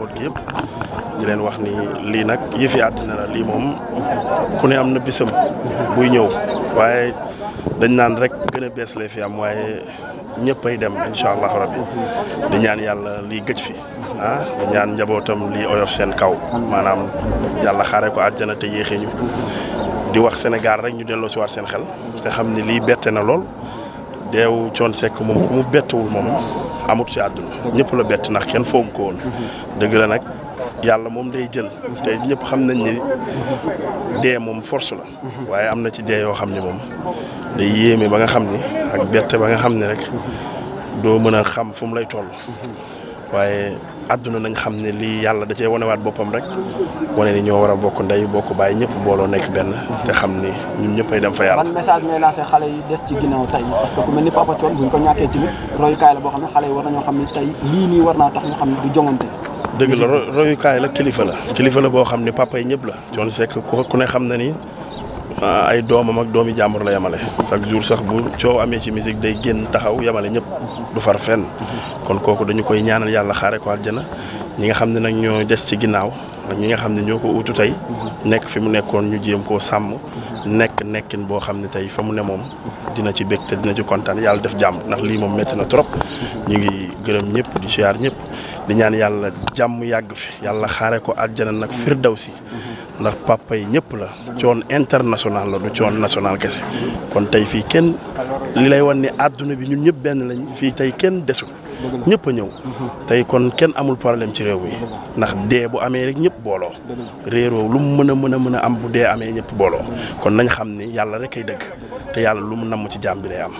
njaboot gi yëpp di leen wax ni lii nag yëfi àddina la lii moom ku ne am na bisam buy ñëw waaye dañ naan rek gën a bees lay fi am waaye ñëppay dem incha allah rabbi di ñaan yàlla lii gëj fi ah, ñaan njabootam lii oyof seen kaw maanaam yàlla xaare ko àjjana te yéexee ñu di wax senegal rek ñu delloo si waat seen xel te xam ni lii bette na lool deewu coon Seck moom ku mu bettuwul moom amut ci àdduna ñëpp la bett ndax kenn foogu ko woon dëgg la nag yàlla moom day jël te ñëpp xam nañ ni dee moom force la waaye am na ci dee yoo xam ne moom day yéeme ba nga xam ni ak bette ba nga xam ne rek doo mën a xam fu mu lay toll waaye àdduna nañ xam ne lii yàlla da cee wanewaat boppam rek wane ni ñoo war a bokk ndey bokk bàyyi ñëpp booloo nekk benn te xam ni ñun ñëpp ay dem fa yàlla. ban message ngay lancé xale yi des ci ginnaaw tey parce que ku mel ni Papa Thione buñ ko ñàkkee tamit royukaay la boo xam ne xale yi war nañoo xam ni tey lii nii war naa tax ñu xam ni du jongante. dëgg la royukaay la kilifa la. kilifa la boo xam ne papa yi ñëpp la. Thione Seck ku ne xam na ni. ay doomam ak doomi jàmbur la yemale chaque jour sax bu coo amee ci musique day génn taxaw yemale ñëpp du far fenn kon kooku dañu koy ñaanal yàlla xaare ko àjjana ñi nga xam ne nag ñoo des ci ginnaaw ñi nga xam ne ñoo ko uutu tey nekk fi mu nekkoon ñu jéem koo sàmm nekk nekkin boo xam ne tey fa mu ne moom dina ci bég te dina ci kontaan yàlla def jàmm ndax lii moom métti na trop ñu ngi gërëm ñëpp di siyaar ñëpp di ñaan yàlla jàmm yàgg fi yàlla xaare ko àjjana nag si ndax papa yi ñëpp la coon international la du coon national kese kon tey fii kenn li lay wan ni àdduna bi ñun ñëpp benn lañ fii tey kenn desul ñëpp a ñëw tey kon kenn amul problème ci réew mi ndax dee bu amee rek ñëpp booloo réeroo lu mu mën a mën a mën a am bu dee amee ñëpp booloo kon nañ xam ni yàlla rek ay dëgg te yàlla lu mu namm ci jaam lay am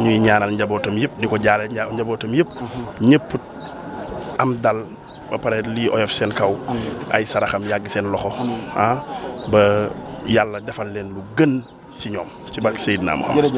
ñuy ñaanal njabootam yëpp di ko jaale njabootam yëpp ñëpp am dal ba pare lii oyof seen kaw ay saraxam yàgg seen loxo ba yàlla defal leen lu gën si ñoom ci barke mu Muhammad